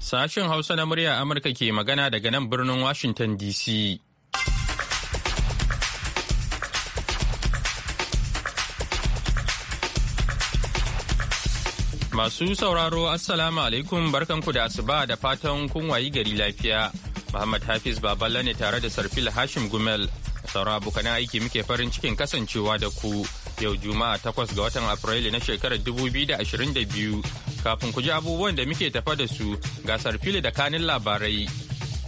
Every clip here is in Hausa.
Sashen Hausa na murya Amurka ke magana daga nan birnin Washington DC. Masu sauraro, Assalamu alaikum barkanku da asuba da fatan kunwayi gari lafiya. Muhammad Hafiz Baballa ne tare da Sarfil Hashim Gumel. Sauran abokanan aiki muke farin cikin kasancewa da ku yau Juma'a takwas ga watan Afrilu na shekarar 2022. Kafin ku ji abubuwan da muke tafa da su ga Sarfil da kanin labarai.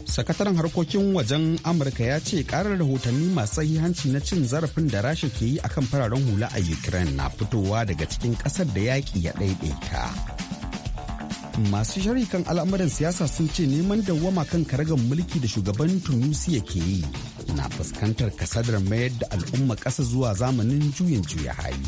Sakataren harkokin wajen Amurka ya ce karar rahotanni masu sahihanci na cin zarafin da Rasha ke yi akan fararen hula a Ukraine na fitowa daga cikin ƙasar da yaƙi ya ɗaiɗaita. masu shari kan al'amuran siyasa sun ce neman dawwama kan karagar mulki da shugaban tunisia ke yi na fuskantar kasadar mayar da al'umma ƙasa zuwa zamanin juyin juya hali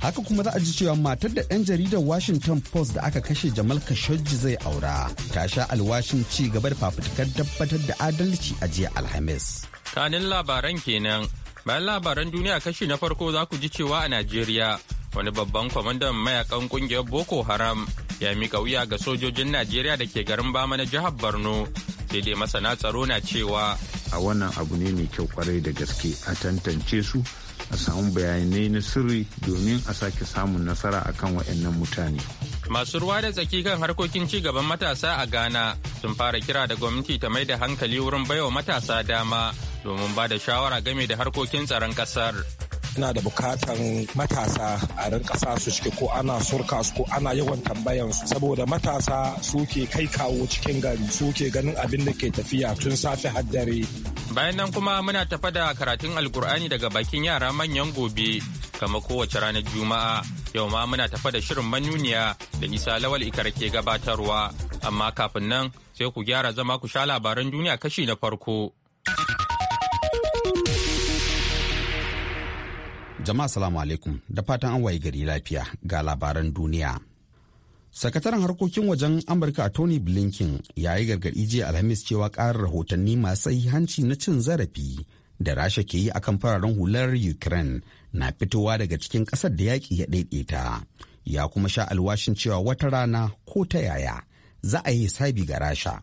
haka kuma za a ji cewa matar da 'yan jaridar washington post da aka kashe jamal khashoggi zai aura ta sha alwashin ci gaba da fafutukar tabbatar da adalci a jiya alhamis kanin labaran kenan bayan labaran duniya kashi na farko za ku ji cewa a najeriya wani babban kwamandan mayakan kungiyar boko haram ya mika wuya ga sojojin najeriya da ke garin bama na jihar borno sai dai masana tsaro na cewa a wannan abu ne mai kyau kwarai da gaske a tantance su a samu bayanai na sirri domin a sake samun nasara a kan waɗannan mutane. Masu ruwa da tsaki kan harkokin ci gaban matasa a Ghana sun fara kira da gwamnati ta mai da hankali wurin baiwa matasa dama domin ba da shawara game da harkokin tsaron ƙasar. ina da bukatan matasa a rinka kasa su ciki ko ana surka su ko ana yawan tambayan su saboda matasa suke kai kawo cikin gari suke ganin abin da ke tafiya tun safe har dare bayan nan kuma muna tafa da karatun alkur'ani daga bakin yara manyan gobe kama kowace ranar juma'a yau ma muna tafa da shirin manuniya da isa lawal ikar ke gabatarwa amma kafin nan sai ku gyara zama ku sha labaran duniya kashi na farko Jama'a salamu alaikum da fatan an waye gari lafiya ga labaran duniya. Sakataren harkokin wajen Amurka Tony Blinken ya yi gargaɗi jiya Alhamis cewa ƙarar rahotanni masu hanci na cin zarafi da Rasha ke yi akan fararen hular Ukraine na fitowa daga cikin ƙasar da yaƙi ya ɗaiɗaita. Ya kuma sha alwashin cewa wata rana ko ta yaya za a yi hisabi ga Rasha.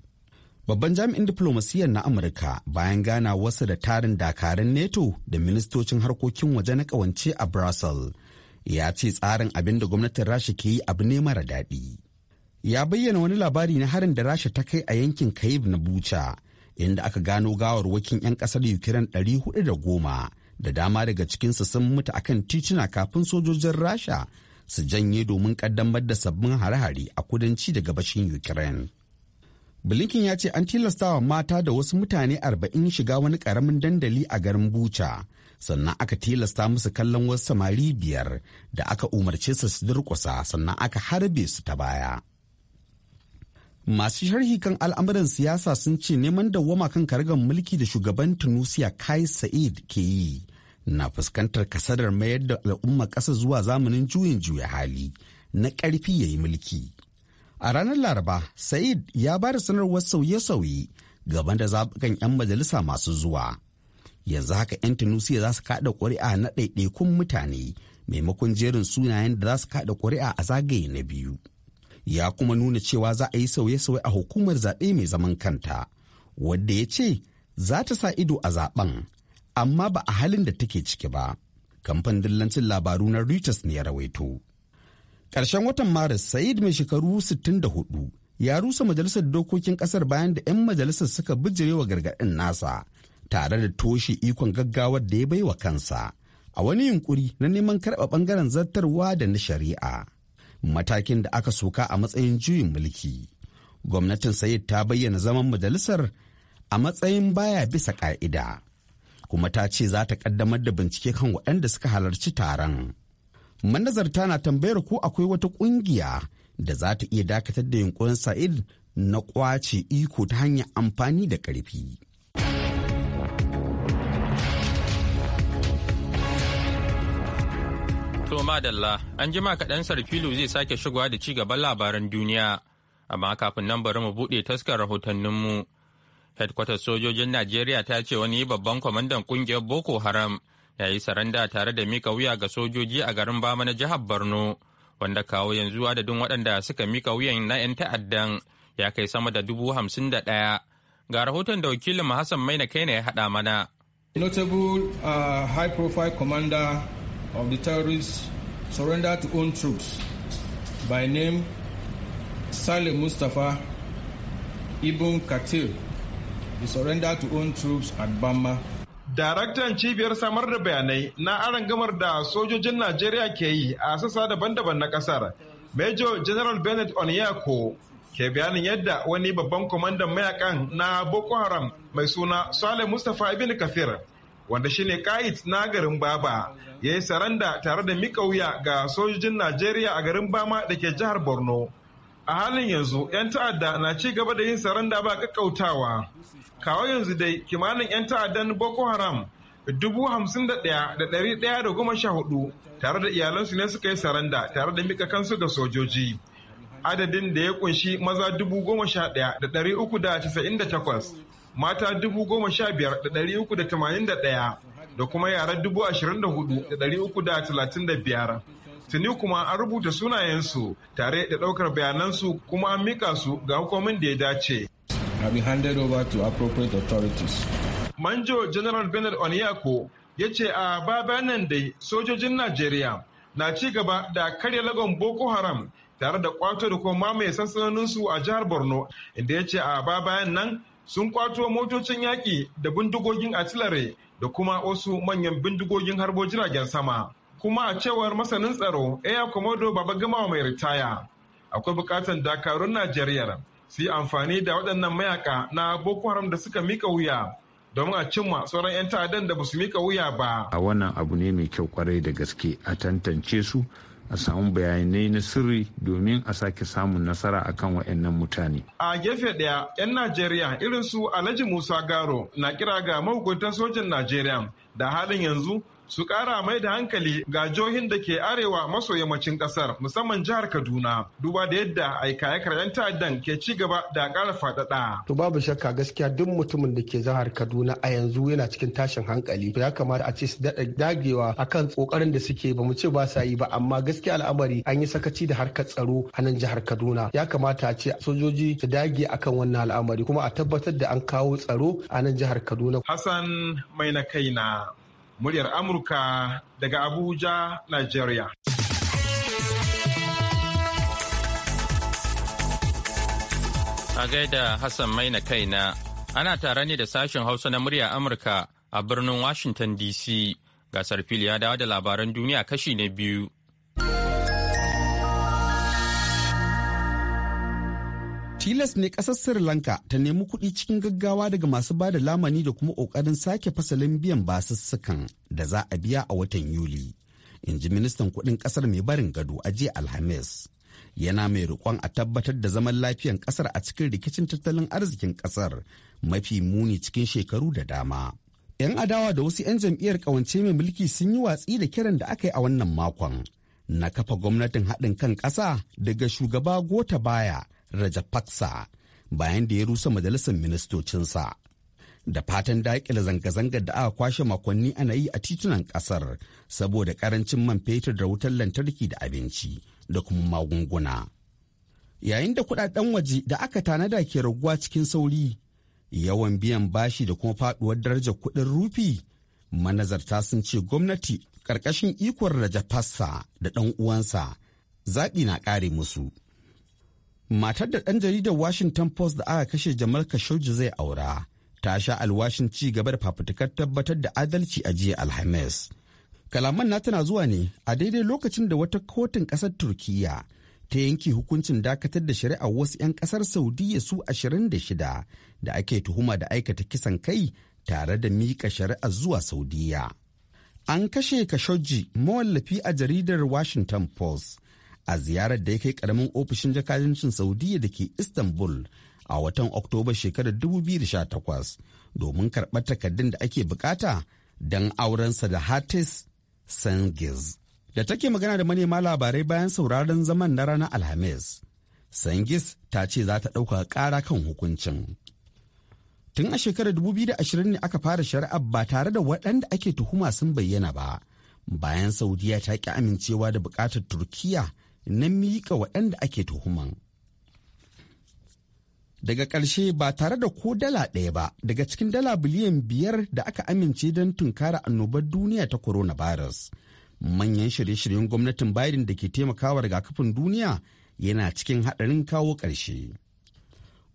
Babban jami'in diplomasiyyar na Amurka bayan gana wasu da tarin dakarun NATO da ministocin harkokin waje na kawance a Brussels ya ce tsarin abin da gwamnatin Rasha ke yi abu ne mara daɗi. Ya bayyana wani labari na harin da Rasha ta kai a yankin Kyiv na Bucha inda aka gano gawarwakin 'yan ƙasar Ukraine 410 da goma da dama daga cikinsu sun mutu akan tituna kafin sojojin Rasha su janye domin ƙaddamar da sabbin hare-hare a kudanci da gabashin Ukraine. Blinken ya ce an tilastawa mata da wasu mutane arba'in shiga wani ƙaramin dandali a garin Bucha, sannan aka tilasta musu kallon wasu samari biyar da aka umarce su su durƙusa sannan aka harbe su ta baya. Masu sharhi kan al'amuran siyasa sun ce neman dawwama kan kargan mulki da shugaban Tunusia Kai Sa'id ke yi na fuskantar kasadar mayar da al'umma ƙasa zuwa zamanin juyin juya hali na ƙarfi ya yi mulki. A ranar Laraba, Said ya ba da sanarwar sauye-sauye gaban da zabukan 'yan majalisa masu zuwa. Yanzu haka 'yan Tunusiya za su kaɗa ƙuri'a na ɗaiɗaikun mutane maimakon jerin sunayen da za su kaɗa ƙuri'a a zagaye na biyu. Ya kuma nuna cewa za a yi sauye-sauye a hukumar zaɓe mai zaman kanta, wadda ya ce za ta sa ido a zaɓen, amma ba a halin da take ciki ba. Kamfan dillancin labaru na Reuters ne ya rawaito. Ƙarshen watan Maris, Said mai shekaru 64 ya rusa majalisar dokokin ƙasar bayan da 'yan majalisar suka wa gargaɗin nasa tare da toshe ikon gaggawar da ya baiwa kansa a wani yunkuri na neman karɓa ɓangaren zartarwa da na shari'a. Matakin da aka soka a matsayin juyin mulki. Gwamnatin Said ta bayyana zaman majalisar a matsayin baya bisa ƙa'ida, kuma ta ce za ta ƙaddamar da bincike kan waɗanda suka halarci taron. manazarta na tambayar ko akwai wata ƙungiya da za ta iya dakatar da yunkurin sa'id na kwace iko ta hanyar amfani da ƙarfi. To madalla, an jima kaɗan sarfilu zai sake shigowa da ci gaban labaran duniya, amma kafin nan bari mu buɗe taskar rahotanninmu. Hedkwatar sojojin Najeriya ta ce wani babban kwamandan ƙungiyar Boko Haram ya yi saranda tare da mika wuya ga sojoji a garin Bama na jihar Borno, wanda kawo yanzu adadin waɗanda suka mika wuyan na 'yan ta'addan ya kai sama da dubu hamsin da ɗaya. Ga rahoton da wakilin Hassan Maina Kaina ya haɗa mana. Notable uh, high-profile commander of the terrorists surrender to own troops by name salim mustapha Ibn Katil. He surrender to own troops at Bama Daraktan cibiyar samar da bayanai na arangamar da sojojin Najeriya ke yi a sassa daban-daban na kasar. Major General Bennett Onyeko ke bayanin yadda wani babban kwamandan mayakan na Boko Haram mai suna Saleh Mustapha Ibn Kafir wanda shine kait na garin Baba ya yi saranda tare da mika wuya ga sojojin Najeriya a garin Bama da ke jihar Borno. a halin yanzu 'yan ta'adda na ci gaba da yin saranda ba kakkautawa kawo yanzu dai kimanin 'yan ta'addan boko haram dubu hamsin da tare da iyalansu ne suka yi saranda tare da mika kansu ga sojoji adadin da ya kunshi maza dubu goma da mata dubu da kuma yara dubu tuni kuma an rubuta sunayensu tare da ɗaukar bayanansu kuma an mika su ga hukumin da ya dace. Manjo General Bernard Oniyako, ya ce a babanan da sojojin Najeriya na ci gaba da karya lagon Boko Haram tare da kwato da kuma mamaye sansanoninsu a jihar Borno inda ya ce a babayan nan sun kwato motocin yaƙi da bindigogin atilare da kuma wasu manyan bindigogin harbo jiragen sama. kuma a cewar masanin tsaro Air Komodo Baba Gama mai ritaya akwai bukatar dakarun Najeriya su yi amfani da waɗannan mayaka na Boko Haram da suka mika wuya domin a cimma sauran 'yan ta'addan da basu mika wuya ba. A wannan abu ne mai kyau kwarai da gaske a tantance su a samu bayanai na sirri domin a sake samun nasara a akan waɗannan mutane. A gefe ɗaya, 'yan Najeriya irin su Alhaji Musa Garo na kira ga mahukuntan sojin Najeriya da halin yanzu su kara mai da hankali ga jihohin da ke arewa maso yammacin ƙasar musamman jihar Kaduna duba da yadda aika 'yan ta'addan ke ci gaba da kara faɗaɗa. To babu shakka gaskiya duk mutumin da ke jihar Kaduna a yanzu yana cikin tashin hankali ya kamata a ce su daɗa dagewa akan tsokarin da suke ba mu ce ba sa yi ba amma gaskiya al'amari an yi sakaci da harkar tsaro a nan jihar Kaduna ya kamata a ce sojoji su dage akan wannan al'amari kuma a tabbatar da an kawo tsaro a nan jihar Kaduna. Hassan mai na kaina muryar Amurka daga Abuja, Nigeria. A gaida Hassan Maina kaina, ana tare ne da sashen Hausa na muryar Amurka a birnin Washington DC. Gasar fili ya dawo da labaran duniya kashi na biyu. tilas ne ƙasar sri lanka ta nemi kuɗi cikin gaggawa daga masu ba da lamani da kuma ƙoƙarin sake fasalin biyan basussukan da za a biya a watan yuli in ji ministan kuɗin ƙasar mai barin gado a alhamis yana mai riƙon a tabbatar da zaman lafiyan ƙasar a cikin rikicin tattalin arzikin ƙasar mafi muni cikin shekaru da dama 'yan adawa da wasu 'yan jam'iyyar ƙawance mai mulki sun yi watsi da kiran da aka yi a wannan makon na kafa gwamnatin haɗin kan ƙasa daga shugaba gota baya Rajapaksa bayan da ya rusa majalisar ministocinsa. Da fatan daƙile zanga-zangar da aka kwashe makonni ana yi a titunan ƙasar saboda ƙarancin man fetur da wutar lantarki da abinci da kuma magunguna. Yayin da kuɗaɗen waje da aka tanada ke raguwa cikin sauri, yawan biyan bashi da kuma faɗuwar darajar kuɗin rufi, manazarta sun ce gwamnati ƙarƙashin ikon raja-fassa da ɗan uwansa zaɓi na ƙare musu. matar da ɗan jaridar washington post da aka kashe jamal khashoggi zai aura ta sha alwashin ci gaba da fafutukar tabbatar da adalci a jiya alhamis kalaman na tana zuwa ne a daidai lokacin da wata kotun ƙasar turkiya ta yanke hukuncin dakatar da shari'ar wasu 'yan ƙasar saudiya su 26 da ake tuhuma da aikata kisan kai tare da mika shari'ar zuwa saudiya an kashe khashoggi mawallafi a jaridar washington post a ziyarar da ya kai karamin ofishin jakadancin saudiya da ke istanbul a watan oktoba shekarar 2018 domin karɓar takardun da ake bukata don aurensa da hatis sangiz da take magana da manema labarai bayan sauraron zaman na ranar alhamis sangis ta ce za ta ɗauka ƙara kan hukuncin tun a shekarar 2020 ne aka fara shari'ar ba tare da waɗanda ake tuhuma sun bayyana ba bayan saudiya ta ƙi amincewa da buƙatar Turkiyya. na miƙa waɗanda ake tuhuman. Daga ƙarshe ba tare da ko dala ɗaya ba daga cikin dala biliyan biyar da aka amince don tunkara annobar duniya ta coronavirus. Manyan shirye-shiryen gwamnatin Biden da ke taimakawa rigakafin duniya yana cikin haɗarin kawo ƙarshe.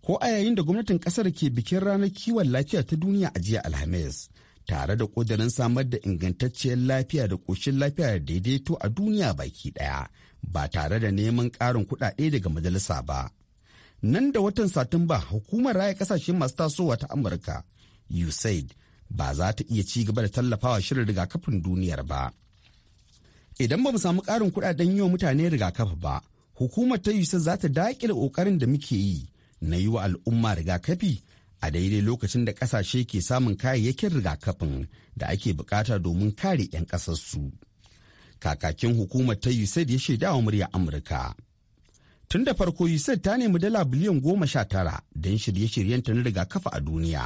Ko a yayin da gwamnatin ƙasar ke bikin ranar kiwon lafiya ta duniya a jiya Alhamis, tare da ƙudurin samar da ingantacciyar lafiya da ƙoshin lafiya da daidaito a duniya baki ɗaya ba tare da neman ƙarin kuɗaɗe daga majalisa ba. Nan da watan Satumba hukumar raya ƙasashen masu tasowa ta Amurka USAID ba za ta iya ci gaba da tallafawa shirin rigakafin duniyar ba. Idan ba mu samu ƙarin kuɗaɗen yi wa mutane rigakafi ba, hukumar ta USAID za ta daƙile ƙoƙarin da muke yi na yi wa al'umma rigakafi a daidai lokacin da ƙasashe ke samun kayayyakin rigakafin da ake buƙata domin kare 'yan ƙasarsu. kakakin hukumar ta USAID ya shaida wa murya Amurka. Tun da farko USAID ta nemi dala biliyan goma sha tara don shirye shiryen ta na rigakafa a duniya.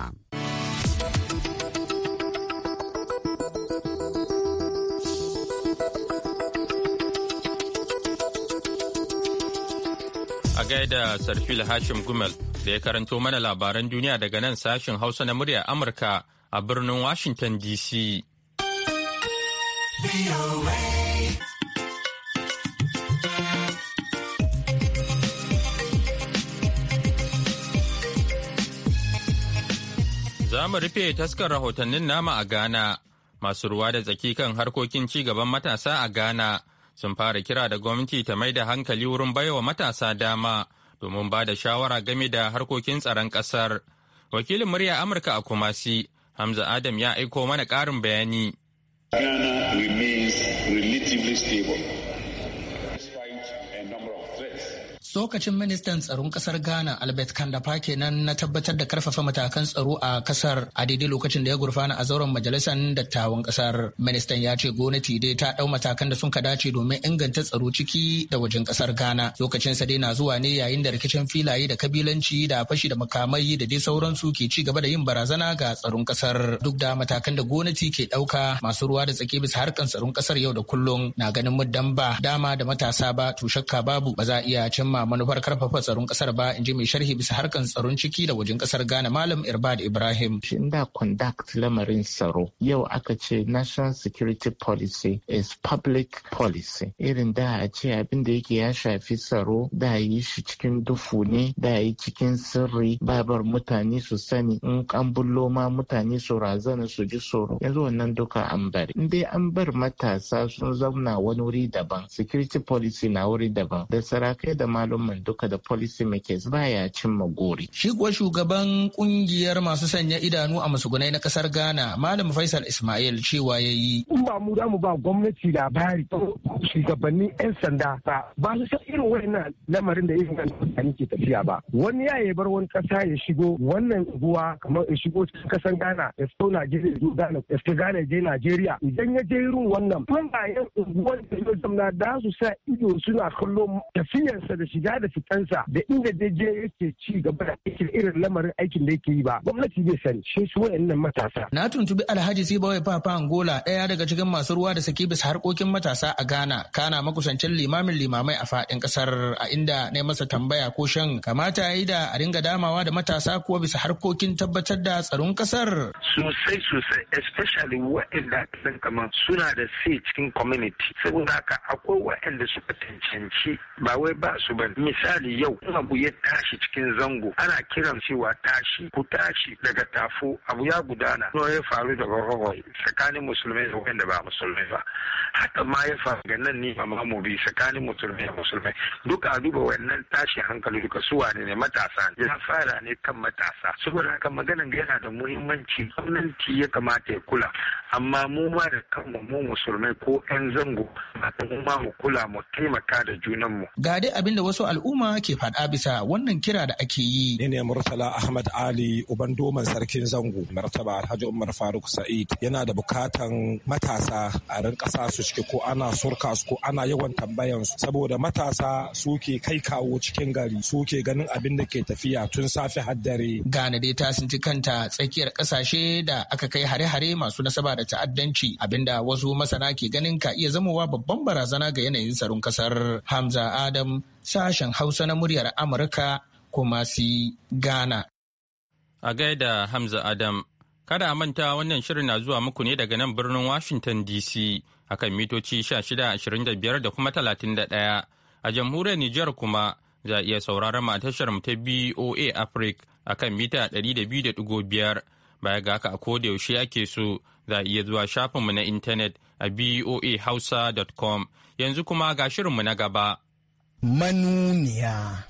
A gaida Sarfil Hashim Gumel da ya karanto mana labaran duniya daga nan sashen Hausa na murya Amurka a birnin Washington DC. Za mu rufe taskar rahotannin nama a Ghana. Masu ruwa da tsaki kan harkokin ci gaban matasa a Ghana sun fara kira da gwamnati ta mai da hankali wurin baiwa matasa dama domin ba da shawara game da harkokin tsaron ƙasar. Wakilin murya Amurka a Kumasi, Hamza Adam ya aiko mana ƙarin bayani. Ghana remains relatively stable. Sokacin ministan tsaron kasar Ghana Albert kandapa kenan na tabbatar da karfafa matakan tsaro a kasar a daidai lokacin da ya gurfana a zauren majalisar dattawan kasar. Ministan ya ce gwamnati dai ta dau matakan da sun ka dace domin inganta tsaro ciki da wajen kasar Ghana. Lokacin sa dai na zuwa ne yayin da rikicin filaye da kabilanci da fashi da makamai da dai sauransu ke ci gaba da yin barazana ga tsaron kasar duk da matakan da gwamnati ke dauka masu ruwa da tsaki bisa harkan tsaron kasar yau da kullum na ganin muddan ba dama da matasa ba to shakka babu ba za a iya cimma cimma manufar karfafa tsaron kasar ba in ji mai sharhi bisa harkan tsaron ciki da wajen kasar Ghana Malam Irbad Ibrahim. Shin da conduct lamarin tsaro yau aka ce National Security Policy is public policy. Irin da a ce abin da yake ya shafi tsaro da yi shi cikin dufu ne da yi cikin sirri babar mutane su sani in an bullo ma mutane su razana su ji tsoro yanzu wannan duka an bari. In dai an bar matasa sun zauna wani wuri daban security policy na wuri daban da sarakai da malam al'umman duka da policy makers baya cimma gori. Shi kuwa shugaban kungiyar masu sanya idanu a masugunai na kasar Ghana Malam Faisal Ismail cewa ya yi. In ba mu mu ba gwamnati labari shugabannin 'yan sanda ba ba su san irin wannan lamarin da irin nan ke tafiya ba. Wani ya yi bar wani kasa ya shigo wannan guwa kamar ya shigo cikin kasar Ghana ya fito Najeriya ya zo Ghana ya fito Ghana ya je Najeriya idan ya je irin wannan. Mun ba yan unguwar da ya zamna da su sa ido suna kallon tafiyarsa da shi shiga da fitansa da inda zai je yake ci gaba da aikin irin lamarin aikin da yake yi ba gwamnati bai sani shi su wayannan matasa na tuntubi alhaji sibawai papa angola ɗaya daga cikin masu ruwa da saki bisa harkokin matasa a ghana kana makusancin limamin limamai a faɗin ƙasar a inda na masa tambaya ko shan kamata ya yi da a ringa damawa da matasa kuwa bisa harkokin tabbatar da tsaron ƙasar sosai sosai especially wa'anda ɗan kama suna da sai cikin community saboda haka akwai wa'anda suka tancanci ba wai ba su ba Israel. misali yau in abu ya tashi cikin zango ana kiran cewa tashi ku tashi daga tafo abu ya gudana no ya faru daga hawai tsakanin musulmai da wanda ba musulmai ba haka ma ya faru ga nan ne amma mu bi tsakanin musulmai da musulmai duka a duba wannan tashi hankali duka su wane ne matasa ne ya fara ne kan matasa saboda haka maganan yana da muhimmanci gwamnati ya kamata ya kula amma mu ma da kanmu mu musulmai ko 'yan zango mu ma mu kula mu taimaka da junanmu ga dai abin da wasu al'umma ke faɗa bisa wannan kira da ake yi. Ni ne Murtala Ahmad Ali uban doman sarkin zango martaba Alhaji Umar Faruk Sa'id yana da bukatan matasa a rin su ciki ko ana surka su ko ana yawan tambayan su saboda matasa suke kai kawo cikin gari suke ganin abin da ke tafiya tun safe har dare. Gane dai ta sinci kanta tsakiyar ƙasashe da aka kai hare-hare masu nasaba da ta'addanci abinda wasu masana ke ganin ka iya zamowa babban barazana ga yanayin tsaron ƙasar Hamza Adam sa sashen Hausa na muryar Amurka kuma si Ghana. A gaida Hamza Adam, kada a manta wannan shirin na zuwa muku ne daga nan birnin Washington DC akan mitoci 1625 da kuma 31 a jamhuriyar Nijar kuma za a iya sauraron mu a tashar mu ta BOA Africa akan mita 200.5 baya ga haka a koda yaushe ake so za a iya zuwa shafinmu na intanet a boahausa.com yanzu kuma ga shirinmu na gaba. manuniya.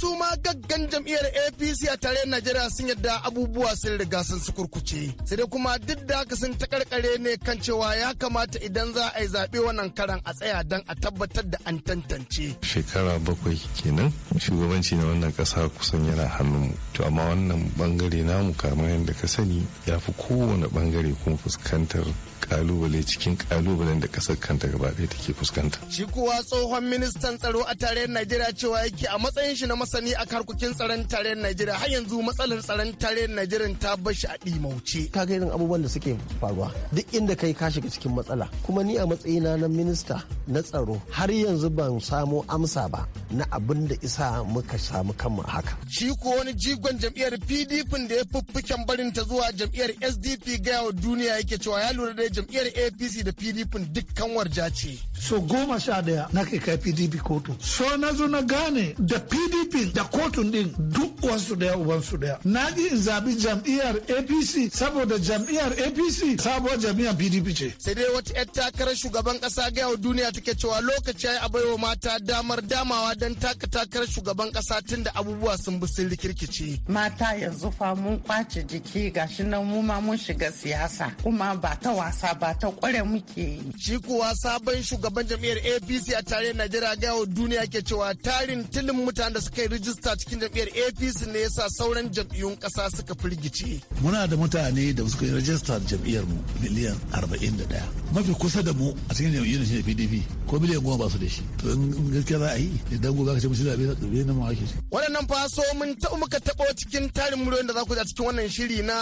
su ma gaggan jam'iyyar apc a tare najeriya sun yadda abubuwa sun riga sun su kurkuce sai dai kuma duk da haka sun takarkare ne kan cewa ya kamata idan za a yi zaɓe wannan karan a tsaya dan a tabbatar da an tantance shekara bakwai kenan shugabanci na wannan ƙasa kusan yana hannunmu to amma wannan bangare namu kamar yadda ka sani ya fi kowane bangare kuma fuskantar kalubale cikin kalubalen da kasar kanta gaba ɗaya take fuskanta. Shi kuwa tsohon ministan tsaro a tarayyar Najeriya cewa yake a matsayin shi na masani a harkokin tsaron tarayyar Najeriya har yanzu matsalar tsaron tarayyar Najeriya ta bashi shi a ɗimauce. Ka ga irin abubuwan da suke faruwa duk inda kai ka shiga cikin matsala kuma ni a matsayina na minista na tsaro har yanzu ban samo amsa ba na abin da isa muka samu kanmu haka. Shi ko wani jigon jam'iyyar PDP da ya fuffuken barinta zuwa jam'iyyar SDP gaya wa duniya yake cewa ya lura da jam'iyyar apc da pdp duk kanwar ce so goma sha daya na kai kai pdp kotu so na zo na gane da pdp da kotu din duk wasu daya ubansu daya na ji in zabi jam'iyyar apc saboda jam'iyyar apc sabuwar jam'iyyar pdp ce sai dai wata yar takarar shugaban kasa ga yau duniya take cewa lokaci ya wa mata damar damawa dan taka takarar shugaban kasa da abubuwa sun bi sun rikirkice mata yanzu fa mun kwace jiki gashi nan mu ma mun shiga siyasa kuma ba ta wasa wasa ba ta kware muke Shi kuwa sabon shugaban jam'iyyar APC a tarihin Najeriya ga yau duniya ke cewa tarin tilin mutanen da suka yi rijista cikin jam'iyyar APC ne yasa sauran jam'iyyun ƙasa suka firgice. Muna da mutane da suka yi rijista jam'iyyar mu miliyan 41. Mafi kusa da mu a cikin jam'iyyar shi ne PDP ko miliyan goma ba su da shi. To in gaskiya za a yi idan gobe ka ce mutum zaɓe zaɓe na mawaki. Waɗannan faso mun taɓa muka taɓo cikin tarin muryoyin da za ku ji a cikin wannan shiri na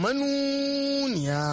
manuniya.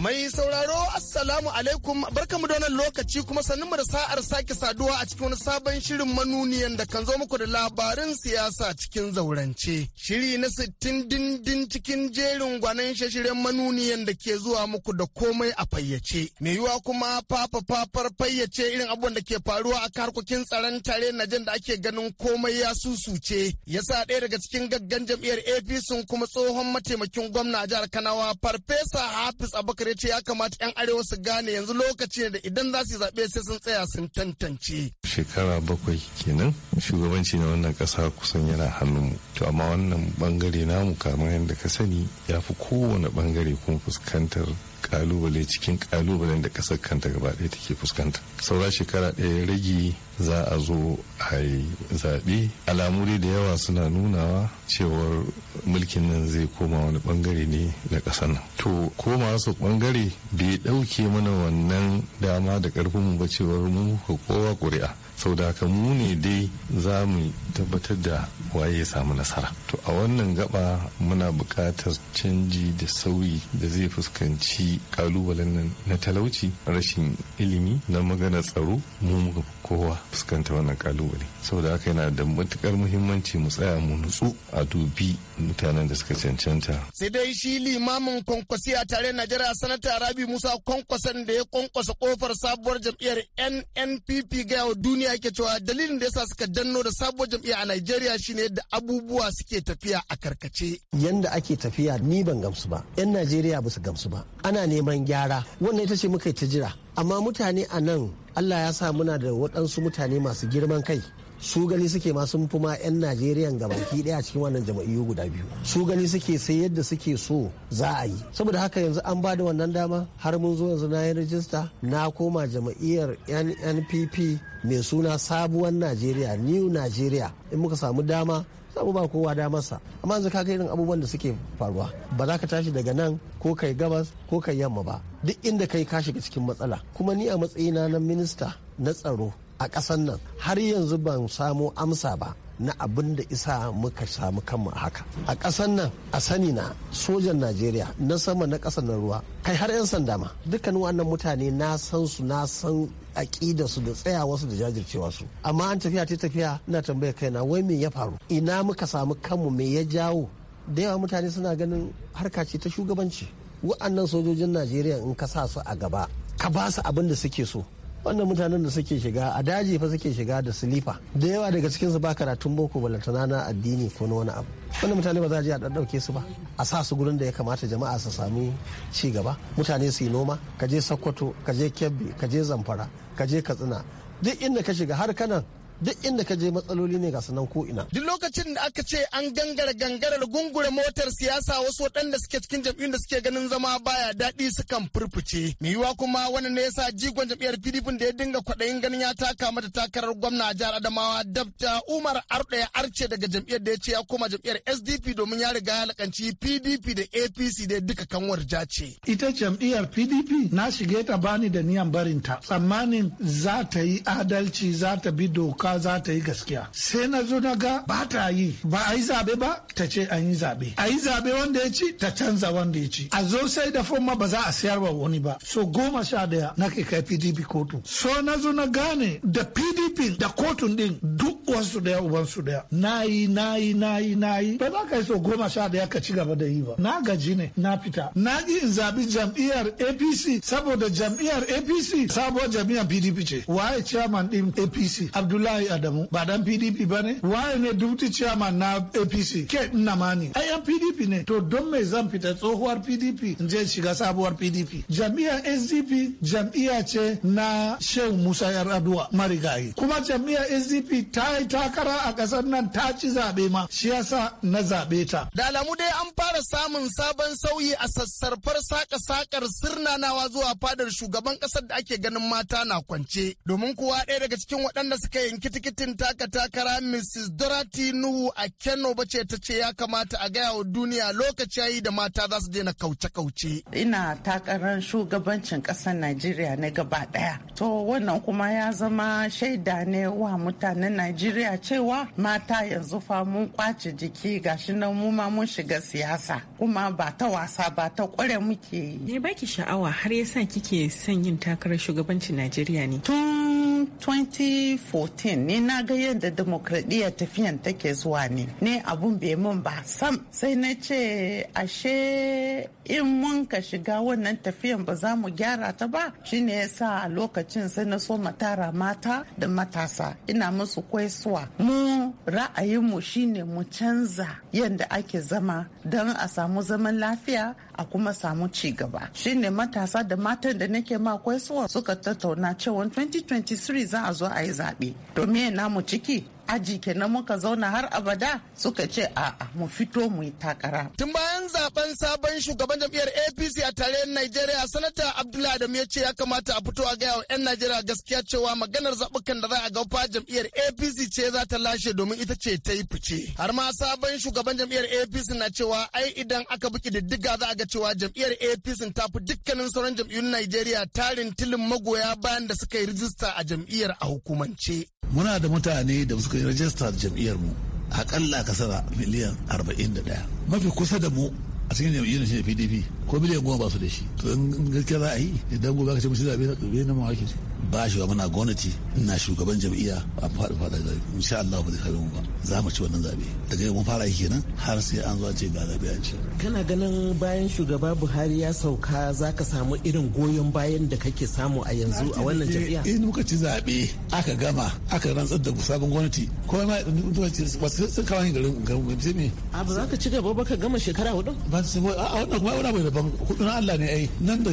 Mai sauraro Assalamu alaikum barkamu da wannan lokaci kuma mu da sa'ar sake saduwa a cikin wani sabon shirin manuniyan da kan zo muku da labarin siyasa cikin zaurance. Shiri na sittin dindin cikin jerin gwanan shashiren manuniyan da ke zuwa muku da komai a fayyace. Mai yiwa kuma fafa fafar fayyace irin abubuwan da ke faruwa a karkokin tsaron tare na jin da ake ganin komai ya susuce. Yasa ɗaya daga cikin gaggan jam'iyyar APC kuma tsohon mataimakin gwamna a jihar Kanawa Farfesa Hafiz Abubakar ya ce ya kamata 'yan arewa su gane yanzu lokaci ne da idan za su yi zaɓe sai sun tsaya sun tantance. Shekara bakwai kenan shugabanci na wannan ƙasa kusan yana hannunmu. To amma wannan bangare namu kamar yadda ka sani ya fi kowane bangare kuma fuskantar kalubale cikin kalubalen da kasar kanta gaba ɗaya take fuskanta saura shekara ɗaya rage za a zo a yi zaɓe alamuri da yawa suna nunawa cewar mulkin nan zai koma wani ɓangare ne na ƙasar nan to koma su bangare bai ɗauke mana wannan dama da mu ba cewar mu ka kowa ƙuri'a sau da mu ne dai za mu tabbatar da waye ya samu nasara to a wannan gaba muna buƙatar canji da sauyi da zai fuskanci kalubalen nan na talauci rashin ilimi na magana tsaro mu muka kowa fuskanta wannan kalubale saboda haka yana da matukar muhimmanci mu tsaya mu nutsu a dubi mutanen da suka cancanta sai dai shi limamin kwankwasi a tare najeriya sanata rabi musa kwankwasan da ya kwankwasa kofar sabuwar jam'iyyar nnpp ga duniya jam'iyya yake cewa dalilin da yasa suka danno da sabuwar jam'iyya a Najeriya shine yadda abubuwa suke tafiya a karkace. Yanda ake tafiya ni ban gamsu ba. 'Yan Najeriya ba su gamsu ba. Ana neman gyara. Wannan ita ce muka yi ta jira. Amma mutane a nan Allah ya sa muna da waɗansu mutane masu girman kai su gani suke ma sun fi ma 'yan najeriya ga gabaki daya a cikin wannan jama'iyyu guda biyu su gani suke sai yadda suke so za a yi saboda haka yanzu an ba da wannan dama har mun zo yanzu na yi rajista na koma jama'iyyar nnpp mai suna sabuwar najeriya new najeriya in muka samu dama sabu ba kowa da masa amma yanzu kaga irin abubuwan da suke faruwa ba za ka tashi daga nan ko kai gabas ko kai yamma ba duk inda kai ka shiga cikin matsala kuma ni a matsayina na minista na tsaro a ƙasan nan har yanzu ban samo amsa ba na abin da isa muka samu kanmu haka a ƙasan nan a sani na sojan najeriya na sama na ƙasa na ruwa kai har 'yan sanda ma dukkan wannan mutane na san su na san aƙida su da tsayawa su da jajircewa su amma an tafiya ta tafiya ina tambaya na wai me ya faru ina muka samu kanmu me ya jawo da yawa mutane suna ganin harka ce ta shugabanci wa'annan sojojin najeriya in ka sa su a gaba ka ba su abin da suke so wannan mutanen da suke shiga a daji fa suke shiga da silifa da yawa daga cikinsu ba karatun boko balantana na addini ko na wani abu wannan mutane ba za a je a ɗaɗɗauke su ba a sa su gurin da ya kamata jama'a su sami ci gaba mutane su yi noma ka je sokoto ka je kebbi ka je zamfara ka je katsina duk inda ka shiga har kanan duk inda ka je matsaloli ne ga sanan ko ina duk lokacin da aka ce an gangara gangarar gungure motar siyasa wasu waɗanda suke cikin jam'iyyun da suke ganin zama baya daɗi sukan furfuce mai yiwa kuma wani ne yasa jigon jam'iyyar PDP da ya dinga kwaɗayin ganin ya taka mata takarar gwamna a jihar Adamawa dabta Umar arda ya arce daga jam'iyyar da ya ce ya koma jam'iyyar SDP domin ya riga ya lakanci PDP da APC da duka kanwar jace ita jam'iyyar PDP na shige ta bani da niyan barinta tsammanin za ta yi adalci za ta bi doka ƙasa za ta yi gaskiya sai na zo na ga ba ta yi ba a yi zaɓe ba ta ce an yi zaɓe a yi zaɓe wanda ya ci ta canza wanda ya ci a zo sai da fomma ba za a sayar wa wani ba so goma sha daya na kai pdp kotu so na zo na gane da pdp da kotun din duk uwansu daya ubansu daya nayi nayi nayi nayi ba za ka yi so goma sha daya ka ci gaba da yi ba na gaji ne na fita na ki in zabi jam'iyyar APC saboda jam'iyyar APC sabuwar jam'iyyar PDP ce waye chairman ɗin APC Abdullahi Adamu ba dan PDP ba ne waye ne duty chairman na APC ke ni ai yan PDP ne to don me zan fita tsohuwar PDP in je shiga sabuwar PDP jam'iyyar SDP jam'iyya ce na Shehu Musa Yar'adua marigayi kuma jam'iyyar SDP ta yi takara a ƙasar nan ta ci zaɓe ma shi yasa na zaɓe ta. Da alamu dai an fara samun sabon sauyi a sassarfar saka-sakar sirnanawa zuwa fadar shugaban ƙasar da ake ganin mata na kwance. Domin kuwa ɗaya daga cikin waɗanda suka yanki tikitin taka takara Mrs. Dorothy Nuhu a Kano bace ta ce ya kamata a gaya wa duniya lokaci yayi da mata za su daina kauce-kauce. Ina takarar shugabancin ƙasar Najeriya na gaba ɗaya. To wannan kuma ya zama shaida ne wa mutanen Najeriya Najeriya cewa mata yanzu fa mun kwace jiki gashi nan mu ma mun shiga siyasa kuma ba ta wasa ba ta kware muke yi. Ne baki sha'awa har yasa kike son yin takarar shugabancin Najeriya ne? Tun 2014 ne na ga yadda demokradiyya tafiyan take zuwa ne ne abun bai mun ba sam sai na ce ashe in mun ka shiga wannan tafiyan ba za mu gyara ta ba shine yasa lokacin sai na so matara mata da matasa ina musu kwaisuwa mu ra'ayinmu shine mu canza yadda ake zama don a samu zaman lafiya a kuma samu ci gaba shine matasa da matan da nake ma kwaisuwa suka tattauna cewa 2023 Yuli za a zo a yi zaɓe. To me namu ciki aji kenan muka zauna har abada suka ce a'a mu fito mu yi takara. Tun bayan zaben sabon shugaban jam'iyyar APC a tarayyar Najeriya sanata Abdullahi Adamu ya ce ya kamata a fito a gaya wa 'yan Najeriya gaskiya cewa maganar zaɓukan da za a ga fa jam'iyyar APC ce za ta lashe domin ita ce ta yi fice. Har ma sabon shugaban jam'iyyar APC na cewa ai idan aka buki diddiga za a ga cewa jam'iyyar APC ta fi dukkanin sauran jam'iyyun Najeriya tarin tilin magoya bayan da suka yi rijista a jam'iyyar a hukumance. Muna da mutane da suka rajistar jam'iyyar mu akalla ka sara miliyan 41 mafi kusa da mu a cikin da shi da pdp ko miliyan goma ba su da shi to in gaskiya za a yi idan gobe aka ce musu zaɓe zaɓe na mawaki ba shi wa mana gwamnati ina shugaban jam'iyya a faɗi faɗa zaɓe insha Allah ba zai kare mu ba za mu ci wannan zaɓe daga yau mun fara yi kenan har sai an zo a ce ga zaɓe an ci. kana ganin bayan shugaba Buhari ya sauka za ka samu irin goyon bayan da kake samu a yanzu a wannan jam'iyya. in muka ci zaɓe aka gama aka rantsar da sabon gwamnati ko ma ba su kawo garin garin sai me. a ba za ka ci gaba ba ka gama shekara hudu. ba amma a wannan kuma wani abu daban na Allah ne ai nan da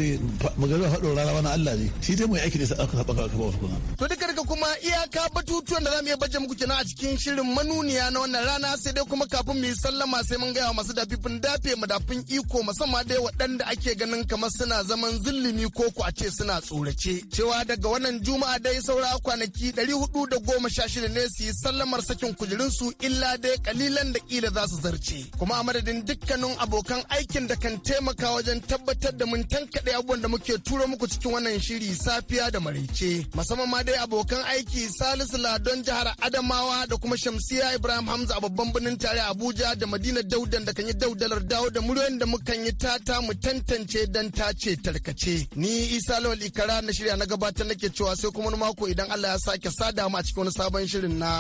magana faɗo rana wani Allah ne shi dai mai aiki ne sai aka saba ka kuma to duka kuma iyaka batutuwan da zamu iya bajje muku kenan a cikin shirin manuniya na wannan rana sai dai kuma kafin mu yi sallama sai mun gaya masu dafifin dafe madafin iko musamman dai waɗanda ake ganin kamar suna zaman zillimi ko ku a ce suna tsorace cewa daga wannan juma'a dai saura kwanaki 416 ne su yi sallamar sakin su illa dai kalilan da kila za su zarce kuma a madadin dukkanin abokan abokan aikin da kan taimaka wajen tabbatar da mun tankaɗe abubuwan da muke turo muku cikin wannan shiri safiya da maraice. Musamman ma dai abokan aiki Salisu Ladon jihar Adamawa da kuma Shamsiya Ibrahim Hamza a babban birnin tare Abuja da Madina Daudan da kan yi daudalar dawo da muryoyin da mukan yi tata mu tantance dan tace tarkace. Ni Isa Lawal Ikara na shirya na gabatar nake cewa sai kuma wani mako idan Allah ya sake sada mu a cikin wani sabon shirin na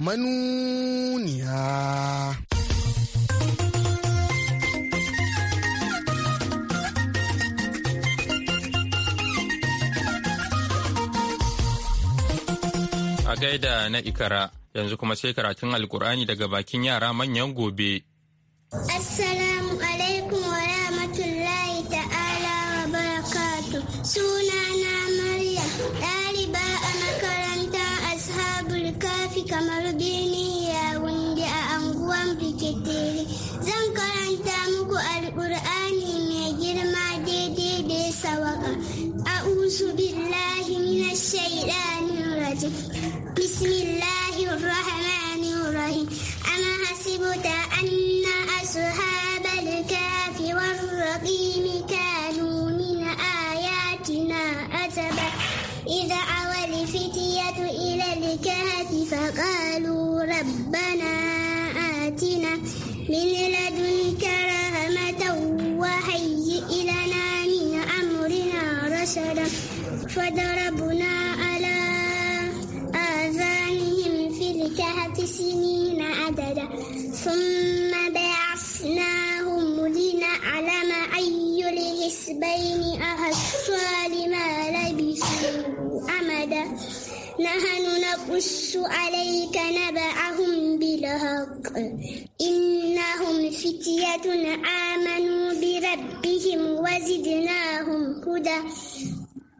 manuniya. A gaida na ikara yanzu kuma sai karatun alkur'ani daga bakin yara manyan gobe. Assalamu alaikum عليك نبأهم بالحق إنهم فتية آمنوا بربهم وزدناهم هدى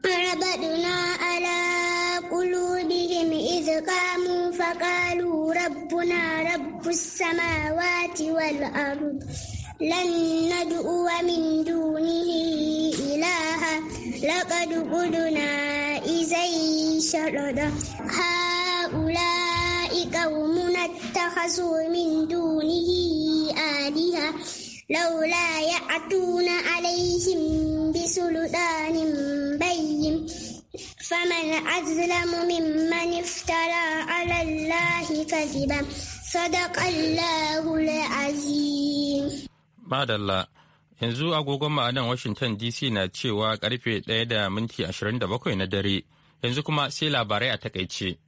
ربطنا على قلوبهم إذ قاموا فقالوا ربنا رب السماوات والأرض لن ندعو من دونه إلها لقد قلنا إذا شردا هؤلاء قوم اتخذوا من دونه آلهة لولا يأتون عليهم بسلطان بين فمن أظلم ممن افترى على الله كذبا صدق الله العظيم بعد الله yanzu agogon ma'anan washington dc na cewa karfe 1 da minti 27 na dare yanzu kuma sai labarai a takaice.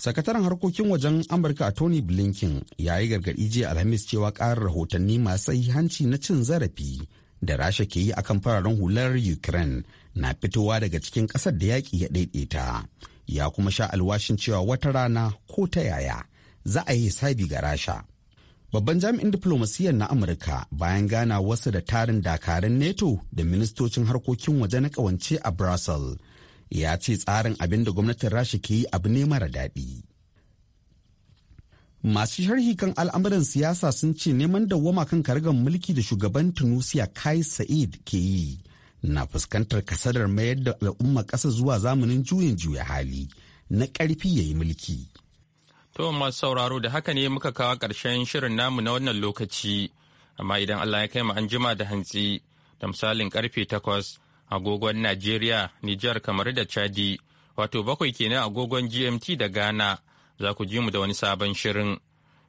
sakataren harkokin wajen amurka a tony blinken ya yi gargaɗi jiya alhamis cewa ƙarar rahotanni masu hanci na cin zarafi da rasha ke yi akan fararen hular ukraine na fitowa daga cikin ƙasar da yaƙi ya ɗaiɗaita ya kuma sha alwashin cewa wata rana ko ta yaya za a yi hisabi ga rasha babban jami'in diflomasiyyar na amurka bayan gana wasu da tarin dakarun NATO da ministocin harkokin waje na kawance a brussels ya ce tsarin abin da gwamnatin rasha ke yi abu ne mara daɗi masu sharhi kan al'amuran siyasa sun ce neman dawwama kan kargan mulki da shugaban tunisia kai sa'id ke yi na fuskantar kasadar mayar da al'umma ƙasa zuwa zamanin juyin juya hali na ƙarfi ya yi mulki to masu sauraro da haka ne muka kawo ƙarshen shirin namu na wannan lokaci amma idan allah ya kai mu an jima da hantsi da misalin ƙarfe takwas agogon Najeriya, Nijar kamar da Chadi, wato bakwai kenan agogon GMT da Ghana za ku ji mu da wani sabon shirin.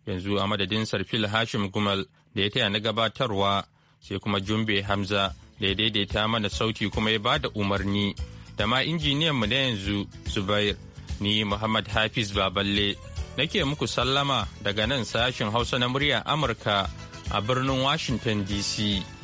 Yanzu a madadin Sarfil Hashim Gumal da ya taya na gabatarwa sai kuma Jumbe Hamza da ya daidaita mana sauti kuma ya ba da umarni da ma injiniyan mu na yanzu Zubair ni Muhammad Hafiz Baballe nake muku sallama daga nan sashin Hausa na murya Amurka a birnin Washington DC.